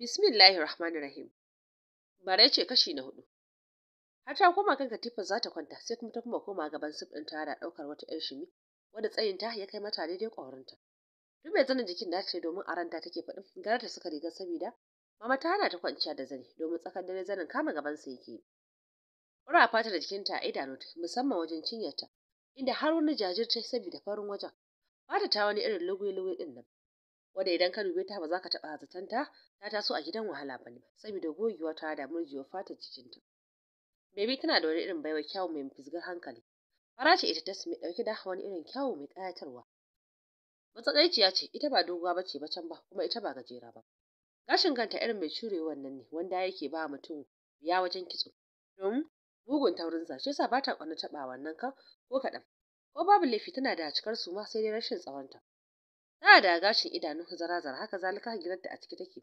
Bismillahir Rahmanir Rahim. Bare ce kashi na hudu. Har ta koma kan katifa za ta kwanta sai kuma ta kuma koma gaban sif ɗin da ɗaukar wata 'yar shimi wanda tsayin ta ya kai mata daidai ƙwarinta. Duk mai zanin jikin da ce domin aranta take faɗin gara ta suka riga saboda mama ta hana ta kwanciya da zani domin tsakar dare zanin kama gaban sa yake. Ƙura fata da jikinta a idanunta musamman wajen cinyarta inda har wani jajirce saboda farin wajen. Fata ta wani irin lugui-lugui din nan. wanda idan ka dube ta ba za ka taɓa zaton ta taso a gidan wahala ba ne saboda gogewa ta da murjewa fatar jikinta. Baby tana da wani irin baiwa kyawu mai fisgar hankali. Farashi ita ta sumi ɗauke da wani irin kyawu mai ƙayatarwa. Matsakaiciya ce ita ba doguwa ba ce ba can ba kuma ita ba gajera ba. Gashin kanta irin mai cure wannan ne wanda yake ba mutum ya wajen kitso. Domin mugun taurin sa shi yasa ba ta ƙwani taɓa wannan kan ko kaɗan. Ko babu laifi tana da cikar suma sai dai rashin tsawonta. tana da gashin idanu zarazara haka zalika giranta a cike take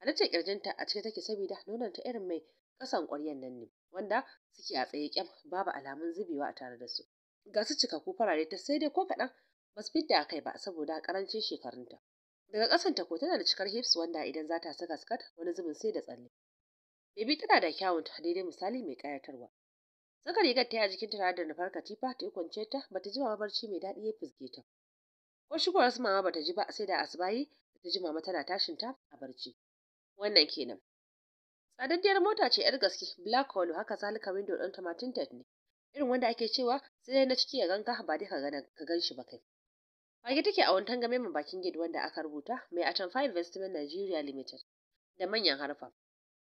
halittar kirjinta a cike take saboda ta irin mai kasan ƙwaryan nan ne wanda suke a tsaye kyam babu alamun zubewa a tare da su ga su cika farare ta sai dai ko kaɗan ba su fidda a kai ba saboda ƙarancin shekarunta daga ƙasan ta ko tana da cikar hips wanda idan za ta saka skirt wani zubin sai da tsalle bebi tana da kyawun ta daidai misali mai ƙayatarwa saka rigar ta yi a jikinta tare da nufar katifa ta yi kwance ta bata ji barci mai daɗi ya fizge ta ko shigowar su mama bata ji ba sai da da ta ji mama tana tashin ta a barci wannan kenan tsadaddiyar mota ce yar gaske black hole haka zalika window ɗin tamatin tet ne irin wanda ake cewa sai dai na ciki ya ganka ba dai ka gan shi ba kai fage take a wantan game mu bakin gate wanda aka rubuta mai five investment nigeria limited da manyan harfa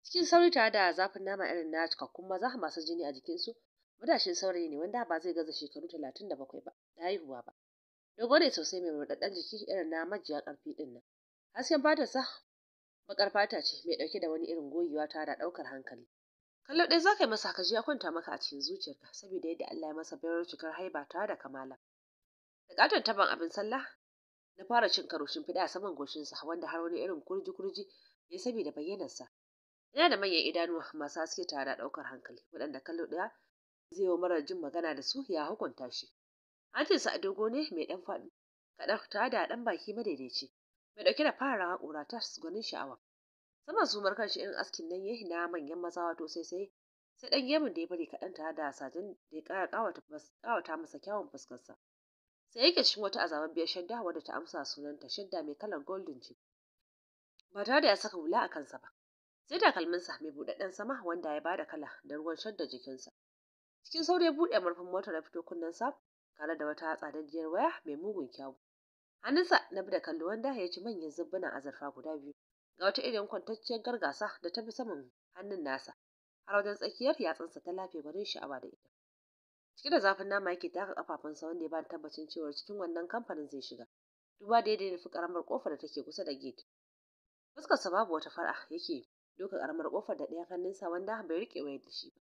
cikin sauri tare da zafin nama irin na cikakkun maza masu jini a jikinsu matashin saurayi ne wanda ba zai gaza shekaru talatin da bakwai ba da haihuwa ba dogo ne sosai mai ruɗaɗɗen jiki irin na majiya karfi din nan hasken fatarsa bakar fata ce mai ɗauke da wani irin gogewa da ɗaukar hankali kallo ɗaya zaka ka yi masa kaji ya kwanta maka a cikin zuciyarka saboda yadda Allah ya masa bayar cikar haiba ta da kamala da ƙaton taban abin sallah na fara cin karo shimfiɗa a saman goshinsa wanda har wani irin kurji-kurji ya saboda bayyanarsa yana da manyan idanuwa masu haske tare da ɗaukar hankali waɗanda kallo ɗaya zai yi marar jin magana da su ya hukunta shi Hancinsa a dogo ne mai ɗan faɗi, kaɗan ta da ɗan baki madaidaici, mai ɗauke da fara haƙora ta gwanin sha'awa. Saman sumar kanshi irin askin nan yayi na manyan maza wato sai sai sai ɗan gemun da ya bari kaɗan tare da sajen da ya ƙara ƙawata masa kyawun fuskarsa. Sai yake cikin wata biyar shadda wadda ta amsa sunanta shadda mai kalar goldin ce. Ba tare da ya saka hula a kansa ba. Sai takalminsa mai buɗaɗɗen sama wanda ya bada kala da ruwan shadda jikinsa. Cikin sauri ya buɗe murfin motar ya fito kunnensa tare da wata tsadajiyar waya mai mugun kyawu hannunsa na bi da kallo wanda ya ci manyan zubbunan azurfa guda biyu ga wata irin kwantacciyar gargasa da ta fi saman hannun nasa har wajen tsakiyar yatsunsa ta lafe barin sha'awa da ita cike da zafin nama yake taka kafafunsa wanda ya da tabbacin cewa cikin wannan kamfanin zai shiga duba da yadda nufi karamar kofar da take kusa da gate fuskarsa babu wata fara yake doka karamar kofar da ɗayan hannunsa wanda bai riƙe waya da shi ba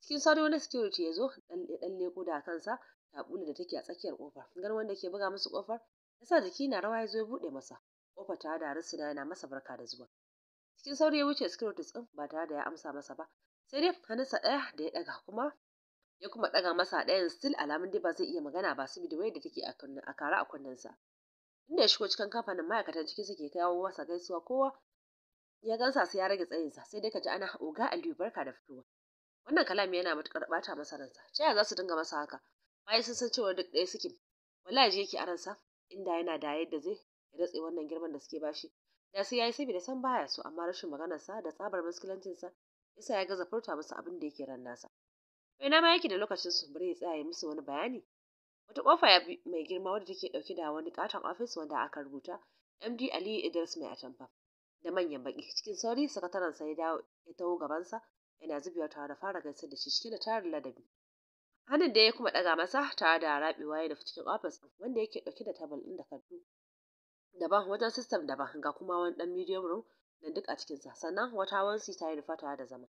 cikin sauri wani security ya zo ya ɗan leko da kansa taɓular da take a tsakiyar kofar garwan wanda ke buga musu kofar ya sa jiki na rawa ya zo ya buɗe masa kofar ta da rusuna yana masa barka da zuwa cikin sauri ya wuce securities din ba tare da ya amsa masa ba sai dai hannunsa ɗaya da ya ɗaga kuma ya kuma ɗaga masa ɗayan still alamun dai ba zai iya magana ba su da wayar da take a kara a kunnensa inda ya shigo cikin kamfanin ma'aikatan ciki suke kawo masa gaisuwa kowa ya gansa sai ya rage tsayinsa sai dai ka ji ana oga aliyu barka da fitowa wannan kalami yana matuƙar ɓata masa ransa ta za su dinga masa haka bayan sun san cewa duk ɗaya suke wallahi ji yake aransa inda yana da yadda zai ya datse wannan girman da suke bashi da sai yayi saboda san baya so amma rashin maganar sa da tsabar muskilancin sa yasa ya gaza furta musu abin da yake ran nasa Wai nama ma yake da lokacin su bari ya tsaya musu wani bayani wata kofa mai girma wadda take dauke da wani katon ofis wanda aka rubuta MD Ali Idris mai atamfa da manyan baki cikin sauri sakataren sa ya dawo ya taho sa yana zubewa tare da fara gaisar da shi cike da tarin ladabi hannun da ya kuma ɗaga masa tare da rabewa ya da cikin ofis wanda yake ɗauke da tabal ɗin takardu daban wajen sistem daban ga kuma wani ɗan medium room nan duk a cikinsa sannan wata wansi ta yi rufa tare da zama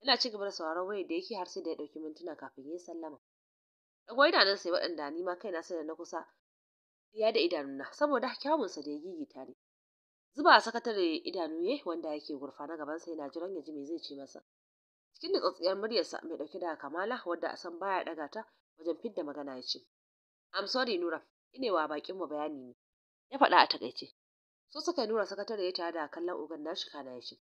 yana ci gaba da sauraron wayar da yake har sai da ya ɗauki mintuna kafin ya yi sallama ɗago idanun sai waɗanda ni ma kaina sai da na kusa ya da idanuna saboda kyawun sa da ya gigita ne zuba sakatare idanu ye wanda yake gurfa na gabansa yana jiran ya ji me zai ce masa cikin nutsatsiyar muryarsa mai dauke da kamala wadda a san baya daga ta wajen fidda magana ya ce I'm sorry Nura inewa bakin mu bayani ne ya faɗa a takaice so Nura sakatare ya tare da kallon ugan nashi kana ya ce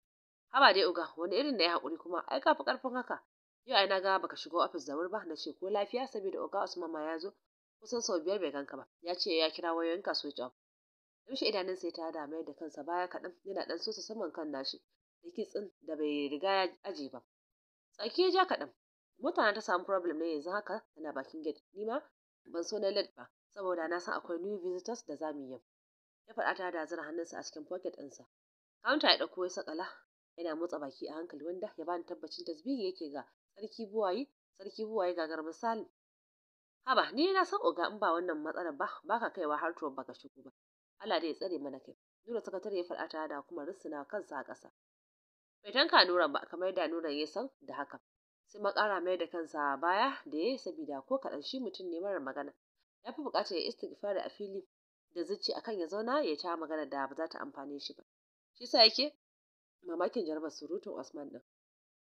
haba dai uga wani irin da ya hakuri kuma ai kafi karfin haka yau ai na ga baka shigo ofis da wuri ba na ce ko lafiya saboda uga Usman ma ya zo kusan sau biyar bai ganka ba ya ce ya kira wayoyin switch off Yaushe idanunsa ya tare da mayar da kansa baya kaɗan yana ɗan sosa saman kan nashi da kitsin da bai riga ya aje ba Tsaki ya ja kaɗan. Mota na ta samu problem ne yanzu haka tana bakin gate. Ni ma ban so na let ba saboda na san akwai new visitors da za mu yi. Ya faɗa ta da zira hannunsa a cikin pocket ɗinsa. Counter ya ɗauko ya sakala yana motsa baki a hankali wanda ya bani tabbacin tasbihi yake ga sarki buwayi sarki buwayi ga garba salim. Haba ni na san oga in ba wannan matsalar ba baka kaiwa har tuwon baka shigo ba. Allah dai ya tsare mana kai. Nura sakatare ya faɗa ta da kuma rissina kansa a ƙasa. bai tanka nuran ba kamar da nuran ya san da haka sai makara mai da kansa baya da ya yi sabida ko kadan shi mutum ne mara magana ya fi bukata ya istighfari a fili da zuci akan ya zauna ya ta magana da ba za ta amfane shi ba shi sa yake mamakin jarabar surutun Usman din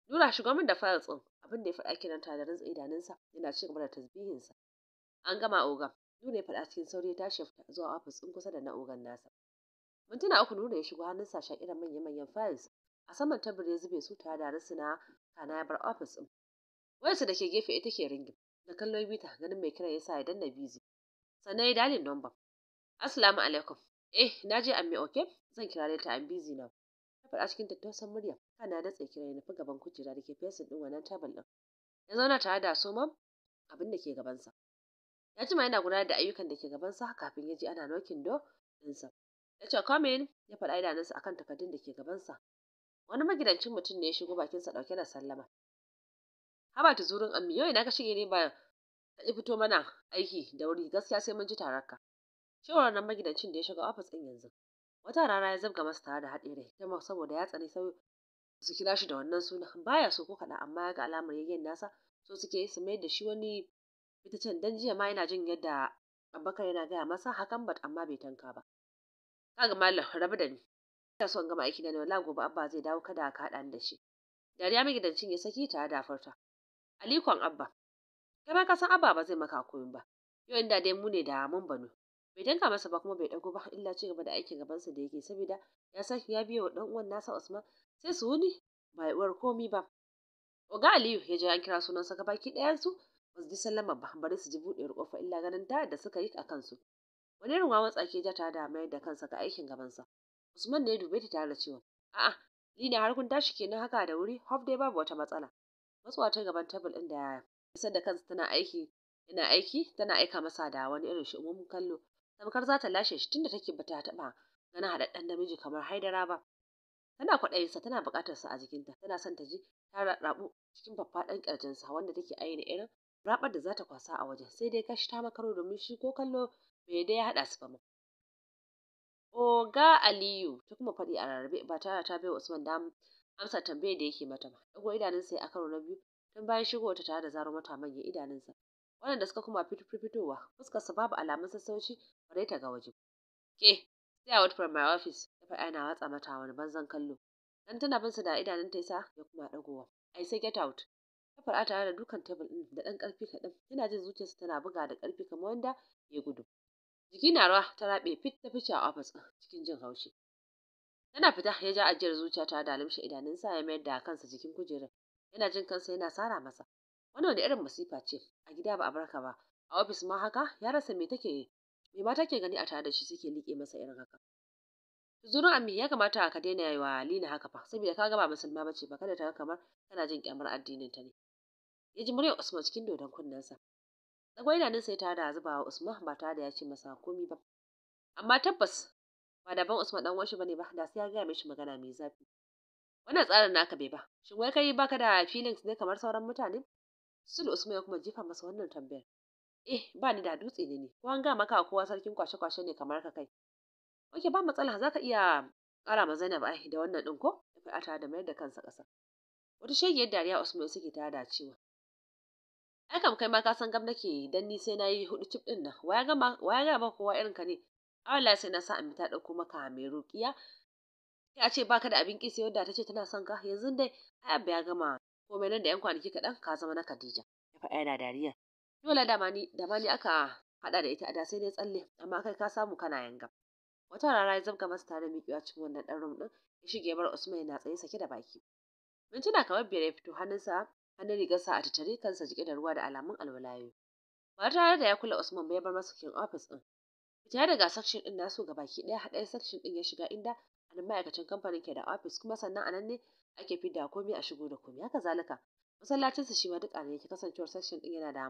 Nura shiga min da fayil ɗin abin da ya faɗa kenan ta da rantsa idanunsa yana ci gaba da tasbihinsa an gama ogan Nura ya faɗa cikin sauri ya tashi zuwa ofis ɗin kusa da na ogan nasa mintuna uku Nura ya shigo hannunsa shaƙiran manya-manyan files a saman tabbar ya zube su tare da rasu na ya bar ofis ɗin wayarsa da ke gefe ita ke ringin da kallo bita ganin mai kiran sa ya danna bizi sannan ya dalin nomba assalamu alaikum eh na je mai oke zan kira ta an bizi na ta faɗa cikin tattausan murya kana da tsaye kira ya nufi gaban kujera da ke fesin ɗin wannan tabal ɗin ya zauna tare da soma abin da ke gabansa ya jima yana gudanar da ayyukan da ke gabansa kafin ya ji ana nokin do ɗinsa ya ce ya faɗa idanunsa akan takardun da ke gabansa wani magidancin mutum ne ya shigo bakin sa dauke da sallama haba ta zurin ammi yau ina ka shige ne bayan ka fito mana aiki da wuri gaskiya sai mun ji tararka cewar nan magidancin da ya shiga ofis din yanzu wata rana ya zabga masa tare da haɗe rai ta saboda ya tsani sai su kira shi da wannan suna baya so ko kaɗa. amma ya ga alamar yayyen nasa so suke su mayar da shi wani fitaccen dan jiya ma yana jin yadda abubakar yana gaya masa hakan bat amma bai tanka ba kaga mallam rabu da ni ina son gama aiki nan wallahi gobe abba zai dawo kada ka haɗa da shi dariya magidancin ya saki tare da farta alikon abba kai ma ka san abba ba zai maka koyon ba yau inda dai mu ne da mun bano bai danka masa ba kuma bai dago ba illa ci gaba da aikin gabansa da yake saboda ya saki ya biya wa dan uwan nasa Usman sai su wuni mai uwar komi ba oga Aliyu ya ji an kira sunan sa baki ɗayan su ba su ji sallama ba bari su ji buɗewar kofa illa ganin ta da suka yi a kansu wani irin wawan tsaki ja ta da mayar da kansa ga aikin gabansa Usman ne ya dube ta tare da cewa a'a Lina har kun tashi kenan haka da wuri hof dai babu wata matsala matsuwa ta gaban tabul din da ya isar da kansa tana aiki yana aiki tana aika masa da wani irin shi'umin kallo tamkar za ta lashe shi tunda take bata taba ganin haɗaɗɗen namiji kamar haidara ba tana kwaɗayinsa tana buƙatar sa a jikinta tana son ta ji ta raɓu cikin faffaɗan ƙirjinsa wanda take ainihin irin raɓar da za ta kwasa a waje. sai dai kashi ta makaro domin shi ko kallo bai dai ya haɗa su ba Oga Aliyu ta kuma faɗi a rarrabe ba tare da ta wa Usman damar amsa tambayar da yake mata ba. Ɗago idanunsa yayi a karo na biyu tun bayan shigowarta tare da zaro mata manyan idanunsa waɗanda suka kuma fitowa fuskarsa babu alamun sassauci bare ta ga waje. Ke, stay out from my office, ta faɗa yana watsa mata wani banzan kallo. Dan tana binsa da ta yasa ya kuma ɗagowa. I sai get out. Ta faɗa tare da dukan tebul ɗin da ɗan ƙarfi kaɗan, Ina jin zuciyarsa tana buga da ƙarfi kamar wanda ya gudu. Jiki na rawa ta raɓe fit ta fice a ofis ɗin cikin jin haushi. Yana fita ya ja ajiyar zuciya tare da limshe idanunsa ya mayar da kansa jikin kujerar. Yana jin kansa yana sara masa. Wannan wani irin masifa ce, a gida ba a barka ba, a ofis ma haka ya rasa me take me ma take gani a tare da shi suke liƙe masa irin haka. zuru ammi ya kamata ka daina yi wa Lina haka fa saboda ka ga ba musulma bace ba kada ta ga kamar kana jin kyamar addinin ta ne. Ya ji muryar Usman cikin dodon kunnensa. tsagwainanin sai ya tare da wa Usman ba tare da ya ce masa komi ba. Amma tabbas ba da ban Usman dan uwanshi bane ba da sai ya gaya mishi magana mai zafi. Wannan tsarin naka bai ba. Shin wai kai baka da feelings ne kamar sauran mutane? Sulu Usman ya kuma jifa masa wannan tambayar. Eh, ba ni da dutse ne ne. Ko an ga maka kowa sarkin kwashe-kwashe ne kamar ka kai. Oke, ba matsala, za ka iya kara ma Zainab ai da wannan ɗin ko? Ya faɗa da mayar da kansa ƙasa. Wata yadda dariya Usman suke tada cewa ai kam kai ma ka san gam nake dan ni sai nayi hudu cip din nan waya gama waya ga ba kowa irin ka ne a wallahi sai na sa amin ta dauko maka mai ruqiya ya ce baka da abin kisa yadda ta ce tana son ka yanzu dai ai abba ya gama komai nan da yan kwanaki kaɗan ka zama na Khadija ya faɗa yana dariya dole da mani da ma aka haɗa da ita a da sai dai tsalle amma kai ka samu kana yanga wata rana ya zabga masa tare miƙewa cikin wannan ɗan rum ɗin ya shige bar Usman yana tsaye sake da baki mintuna kamar biyar ya fito hannunsa hannun rigarsa a tattare kansa jike da ruwa da alamun alwalayo ba tare da ya kula Usman ba ya bar masa kin ofis din fita daga section din nasu baki daya haɗayan section din ya shiga inda anan ma'aikacin kamfanin ke da office kuma sannan anan ne ake fidda komai a shigo da komai haka zalika masallacin su shi ma duk anan yake kasancewar section din yana da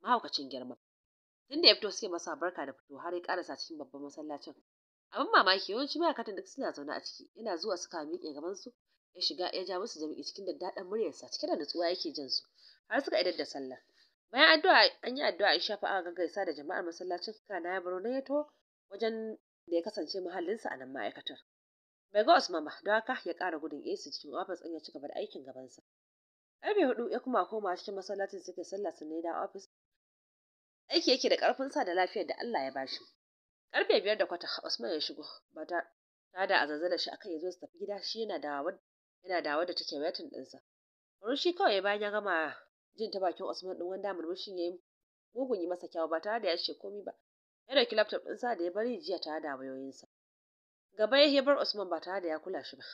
mahaukacin girma tunda ya fito suke masa barka da fito har ya karasa cikin babban masallacin abin mamaki yawanci ma'aikatan duk suna zaune a ciki yana zuwa suka miƙe gaban su ya shiga ya ja musu jami'i cikin daddaɗan muryarsa cike da nutsuwa yake jin su har suka idar da sallah bayan addu'a an yi addu'a in shafa aka gaggaisa da jama'ar masallacin kana ya baro na yato wajen da ya kasance muhallinsa a nan ma'aikatar bai ga Usman ba don haka ya kara gudun AC cikin ofis ɗin ya ci gaba da aikin gabansa karfe hudu ya kuma koma cikin masallacin suke sallah su ya dawo ofis aiki yake da karfin sa da lafiyar da Allah ya bashi karfe biyar da kwata Usman ya shigo ba ta da a zazzala shi akan ya zo su tafi gida shi yana da yana dawo da take wetin ɗinsa Murushi kawai bayan ya gama jin ta bakin Usman ɗin wanda murmushin ya yi mugun yi masa kyawu ba tare da ya ce komi ba ya ɗauki laptop ɗinsa da ya bari jiya ta da wayoyinsa gaba ya hebar Usman ba tare da ya kula shi ba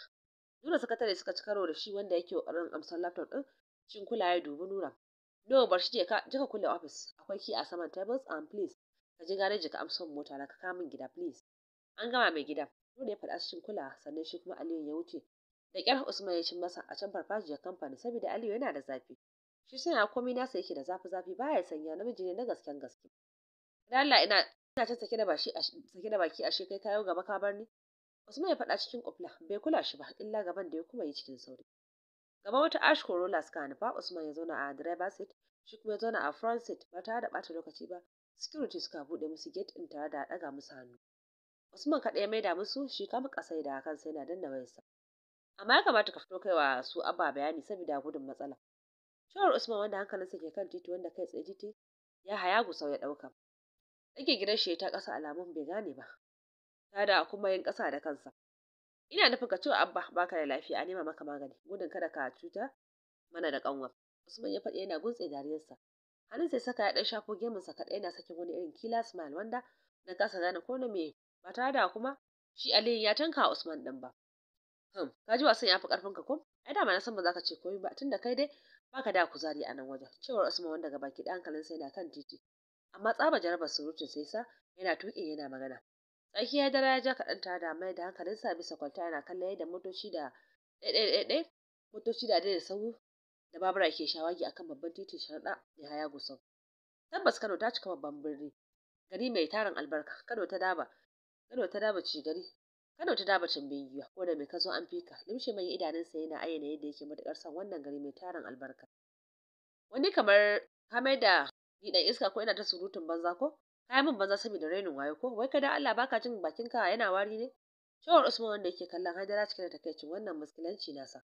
Nura sakatare suka ci karo da shi wanda yake ƙoƙarin amsar laptop ɗin cin kula ya dubi Nura no bar shi ka je ka kulle office akwai ki a saman tables and please ka je ji ka amsa mota na ka kamin gida please an gama mai gida Nura ya faɗa cikin kula sannan shi kuma Aliyu ya wuce da kyar Usman ya cin masa a can farfajiyar kamfani saboda Aliyu yana da zafi shi suna komai nasa yake da zafi zafi baya sanya namiji ne na gasken gaske dan Allah ina ina ta sake da bashi sake baki a shi kai kayo gaba ka bar ni Usman ya faɗa cikin kufla bai kula shi ba illa gaban da ya kuma yi cikin sauri gaba wata ash corolla suka ba Usman ya zauna a driver seat shi kuma ya zauna a front seat ba tare da bata lokaci ba security suka buɗe musu gate ɗin tare da ɗaga musu hannu Usman kaɗai ya maida musu shi kama ƙasai da kansa yana danna wayarsa amma ya kamata ka fito kaiwa su abba bayani saboda gudun matsala shawar usman wanda hankalinsa ke kan titi wanda kai tsaye titi ya haya sau ya ɗauka tsake gidan shi ta kasa alamun bai gane ba tada kuma yin kasa da kansa ina nufin ka ce abba baka da lafiya a nema maka magani gudun kada ka cuta mana da ƙanwa usman ya faɗi yana guntse dariyarsa hannun sai saka ya ɗan shafo gemunsa kaɗai yana sakin wani irin kila smile wanda na kasa gane ko na me ba tare da kuma shi aliyu ya tanka usman ɗin ba Hmm, ka ji wasan ya fi karfin ka ko ai dama na san ba za ka ce komai ba tunda kai dai baka da kuzari a nan wajen cewar usman wanda gaba ki hankalin sai na kan titi amma tsaba jarabar surutun sai sa yana tuƙe yana magana tsaki ya dara ya ja kaɗan tare da mai da hankalinsa bisa kwalta yana kallon yadda motoci da ɗaiɗaiɗaiɗai motoci da da sauri da babura ke shawagi akan babban titin sharaɗa ya haya gusau tabbas kano ta cika babban birni gari mai tarin albarka kano ta daba kano ta daba ci gari Kano ta daba tumbin giwa, ko da mai ka zo an fi ka. mai idanun idanunsa yana ayyana yadda yake matuƙar son wannan gari mai tarin albarka. Wani kamar ka da ni dan iska ko ina ta surutun banza ko? kai mun banza saboda rainin wayo ko? Wai kada Allah baka jin bakin bakinka yana wari ne? Cewar Usman wanda yake kallon Hajara cike da takaicin wannan musulunci nasa.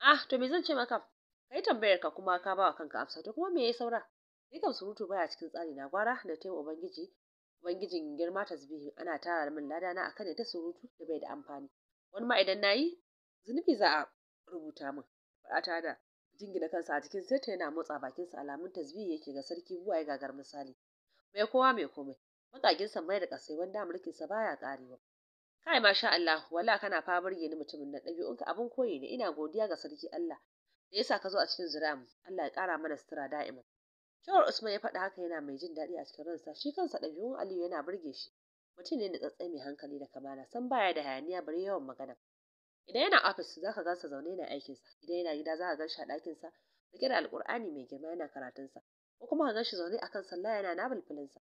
Ah, to me zan ce maka? Kai tambayar ka kuma ka bawa kanka amsa to kuma me yayi saura? Ni kam surutu baya cikin tsari na gwara da tayi ubangiji ubangijin girma tasbihi ana tara min lada na akan ta surutu da bai da amfani wani ma idan na yi? zunubi za a rubuta min fata da jingina kansa a cikin sirta yana motsa bakinsa alamun tasbihi yake ga sarki buwaye gagar misali mai kowa mai komai makakin sa mai da kasai wanda mulkinsa baya karewa kai masha Allah wala kana fa burge ni mutumin na? Na ɗabi'unka abin koyi ne ina godiya ga sarki Allah da yasa ka zo a cikin zuri'a Allah ya kara mana sutura da'ima. Cewar Usman ya faɗa haka yana mai jin daɗi a cikin ransa, shi kansa ɗabi'un Aliyu yana burge shi. Mutum ne tsatse mai hankali da kamala, san baya da hayaniya bari yawan magana. Idan yana ofis za ka gansa zaune yana aikinsa, idan yana gida za ka gan shi a ɗakinsa riƙe da alƙur'ani mai girma yana karatunsa, ko kuma ka gan shi zaune akan sallah yana nafilfilinsa.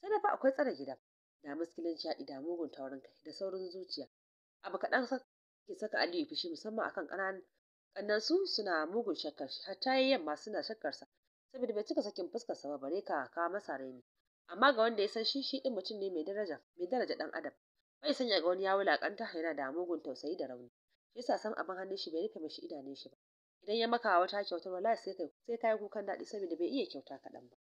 Sai na fa akwai tsare gida, da muskilanci haɗi da mugun taurin kai da saurin zuciya. Abu kaɗan ke saka Aliyu fushi musamman akan ƙananan ƙannansu suna mugun shakkar shi, hatta yamma suna shakkarsa. saboda bai cika sakin fuskarsa ba bare ka ka masa raini amma ga wanda ya san shi shi din mutum ne mai daraja mai daraja dan adam bai sanya ga wani ya wulakanta yana da mugun tausayi da rauni shi yasa sam abin hannun shi bai rufe mishi idanun shi ba idan ya maka wata kyautar wallahi sai kai sai kai kukan daɗi saboda bai iya kyauta kaɗan ba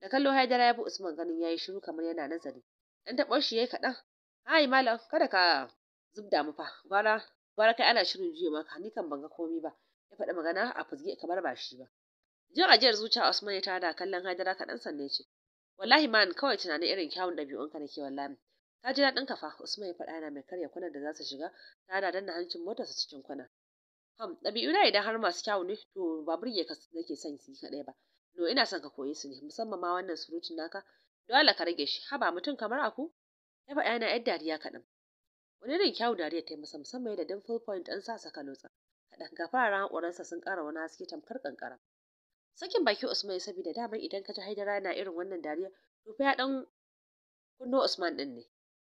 da kallo Haidara ya bi Usman ganin yayi shiru kamar yana nazari dan taɓar shi yayi kaɗan hai malam kada ka zubda mu fa gwara gwara kai ana shirin juye maka ni kan ban ga komai ba ya faɗi magana a fuzge kamar ba shi ba jin ajiyar zuciya Usman ya tada kallon Hajara kaɗan sannan ce wallahi man kawai tunanin irin kyawun ɗabi'unka nake wallahi Ta ji daɗin kafa Usman ya faɗa yana mai karya kwanan da za su shiga ta da danna hancin su cikin kwana. kwanan ɗabi'u na idan har masu kyawun ne to ba burge ka nake son su kaɗai ba no ina son ka koyi su ne musamman ma wannan surutun naka dole ka rage shi haba mutum kamar aku ya faɗa yana yar dariya kaɗan wani irin kyawun dariya ta yi masa musamman yadda dimple point an sa saka lotsa kaɗan ran haƙoransa sun ƙara wani haske tamkar ƙanƙara sakin baki Usman saboda damar idan ka ji Haidara na irin wannan dariya to fa ya dan kunno Usman din ne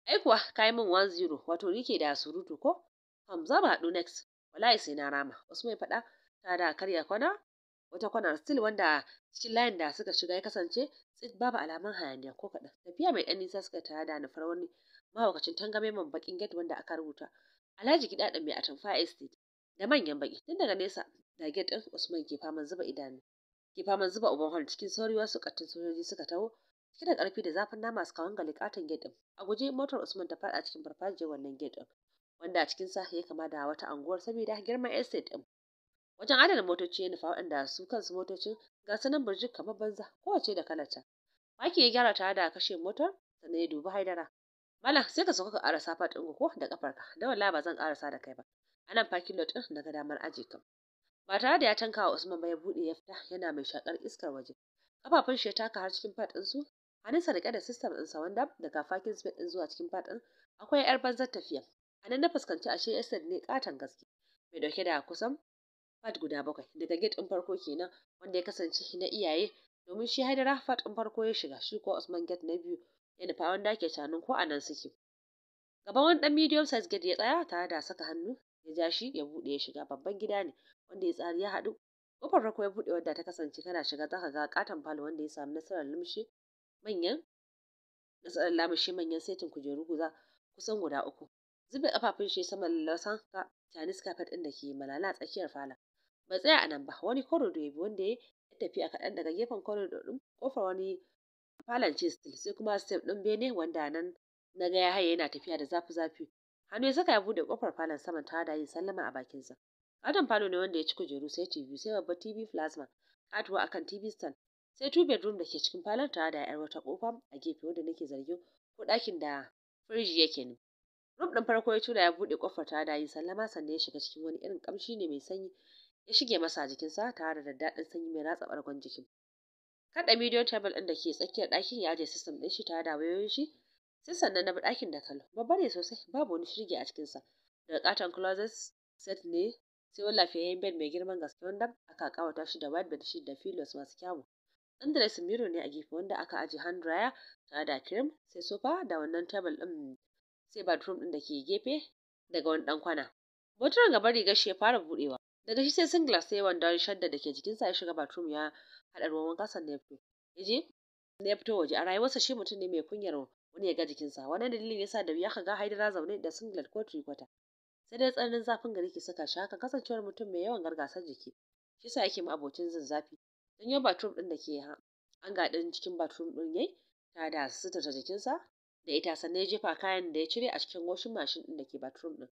ai kuwa kai min 10 wato rike da surutu ko kam za mu next wallahi sai na rama Usman faɗa ta da karya kwana wata kwana still wanda cikin layin da suka shiga ya kasance tsit babu alaman hayaniya ko kaɗan tafiya mai ɗan nisa suka tara da nufar wani mahaukacin tangame man bakin gate wanda aka rubuta alhaji gida da mai atamfa estate da manyan baki tun daga nesa da gate ɗin usman ke faman zuba idanu ke faman zuba uban hol cikin sauri wasu kattun sojoji suka taho cike da karfi da zafin nama suka wangale katon gate din a guje motar usman ta fada cikin farfajiyar wannan gate din wanda a cikin sa ya kama da wata anguwar saboda girman estate din wajen adana motoci ya nufa waɗanda su kansu motocin ga sanan burjik kamar banza kowace da ta maki ya gyara tare da kashe motar sannan ya dubi haidara mala sai ka sauka ka ƙarasa faɗin ko da kafarka da wallahi ba zan ƙarasa da kai ba anan parking lot din daga damar aji kam ba tare da ya tanka wa Usman ba ya buɗe ya fita yana mai shakar iskar waje kafafun shi ya taka har cikin fat ɗin su hannunsa riƙe da system ɗinsa wanda daga fakin space ɗin zuwa cikin fat ɗin akwai yar banzar tafiya a nan na fuskanci ashe Esther ne katon gaske mai dauke da kusan fat guda bakwai daga gate ɗin farko kenan wanda ya kasance na iyaye domin shi Haidara fat din farko ya shiga shi ko Usman gate na biyu ya nufa wanda ake tunanin ko a nan suke gaban wani dan medium size gate ya tsaya tare da saka hannu ya ja shi ya buɗe ya shiga babban gida ne wanda ya tsari ya haɗu kofar farko ya buɗe wadda ta kasance kana shiga zaka ga katon falo wanda ya samu nasarar lumshe manyan nasarar manyan setin kujeru guda kusan guda uku zube kafafun shi saman lasan ka tanis kafet ɗin da ke malala tsakiyar falon ba tsaya a nan ba wani koro ya bi wanda ya tafi a kaɗan daga gefen korido ɗin kofar wani falon ce stil sai kuma step ɗin bene wanda nan na ga ya haye yana tafiya da zafi zafi hannu ya saka ya buɗe kofar falon saman ta da yin sallama a bakinsa Adam falo ne wanda ya ci kujeru sai TV sai babbar TV plasma katuwa akan TV stand sai two bedroom da ke cikin falon tare da ƴar wata kofa a gefe wanda nake zargin ko ɗakin da firiji yake ne. rum ɗin farko ya tura ya buɗe kofar tare da yin sallama sannan ya shiga cikin wani irin kamshi ne mai sanyi ya shige masa jikinsa tare da daddaɗin sanyi mai ratsa ɓargon jikin. Kaɗa bidiyo table ɗin da ke tsakiyar ɗakin ya ajiye system ɗin shi tare da wayoyin shi sai sannan na bi ɗakin da kallo babba ne sosai babu wani shirge a cikinsa daga katon closet set ne sai wani lafiyayyen bed mai girman gaske wanda aka kawata shi da white bed sheet da pillows masu kyawu ɗan dressing ne a gefe wanda aka aje hand dryer tare da cream sai sofa da wannan table din sai bathroom ɗin da ke gefe daga wani dan kwana boturan gaba rigar shi ya fara buɗewa daga shi sai singlet sai wanda shadda da ke sa ya shiga bathroom ya hada ruwan wanka sannan ya fito yaje ne ya waje a rayuwarsa shi mutum ne mai kunyar wani ya ga jikinsa wannan dalilin yasa da wuya ka ga haidara zaune da singlet ko trikwata sai dai tsananin zafin gari ke saka shi haka kasancewar mutum mai yawan gargasar jiki shi sa yake ma'abocin zin zafi janyo bathroom ɗin da ke anga ɗin cikin bathroom ɗin yayi ta da sutura jikinsa da ita sannan ya jefa kayan da ya cire a cikin washin mashin din da ke bathroom ɗin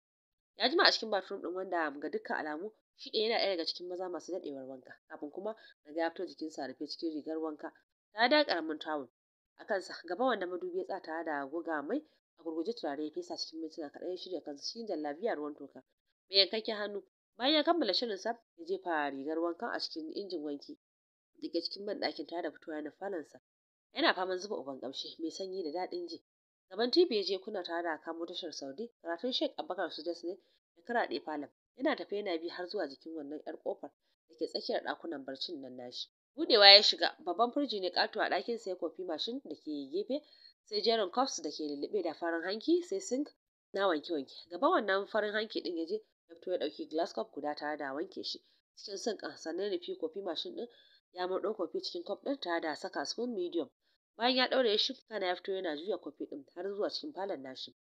ya jima a cikin bathroom din wanda ga dukkan alamu shi ɗaya yana ɗaya daga cikin maza masu daɗewar wanka kafin kuma daga ya fito jikinsa rufe cikin rigar wanka ta da ƙaramin tawul a kansa gaba wanda madubi ya tsata da goga mai a gurguje turare ya fesa cikin mintuna kaɗan ya shirya kansa cikin lafiya ruwan toka mai yankakken hannu bayan ya kammala shirin sa ya jefa rigar wankan a cikin injin wanki daga cikin banɗakin tare da fitowa na falonsa yana faman zuba uban ƙamshi mai sanyi da daɗin ji gaban tv ya je kuna tare da kamo tashar saudi karatun sheik abubakar su ne da ɗe falon yana tafe yana bi har zuwa jikin wannan yar kofar da ke tsakiyar ɗakunan barcin nan nashi budewa ya shiga babban firji ne katuwa ɗakin sai kofi mashin da ke gefe sai jerin cups da ke lullube da farin hanki sai sink na wanke-wanke gaba wannan farin hanki din ya je fito ya dauki glass cup guda tare da wanke shi cikin sink sannan ya nufi kofi mashin din ya murdo kofi cikin cup din tare da saka spoon medium bayan ya daure shi kana ya fito yana juya kofi din har zuwa cikin falon nashi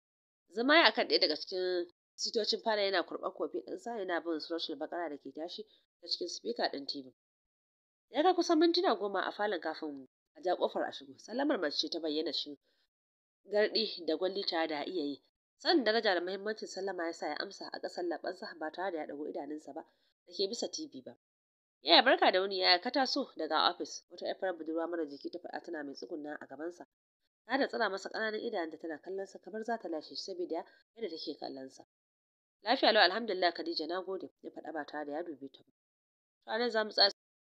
zama ya akan ɗaya daga cikin sitocin falon yana kurɓar kofi sa yana bin social bakara da ke tashi ta cikin speaker din TV ya ga kusan mintuna goma a falon kafin a ja kofar a shigo sallamar mace ta bayyana shi Garɗi da gwalita da iya yi sanin daraja da muhimmancin sallama ya sa ya amsa a ƙasar labansa ba tare da ya ɗago idanunsa ba da ke bisa tv ba yaya barka da wuni yaya ka taso daga ofis wata yar budurwa mara jiki ta faɗa tana mai tsugunna a gabansa ta da tsara masa ƙananan idanun da tana kallon sa kamar za ta lashe shi saboda yadda take kallon sa lafiya lau alhamdulillah khadija na gode ya faɗa ba tare da ya dube ta ba ranar zamu za mu tsaya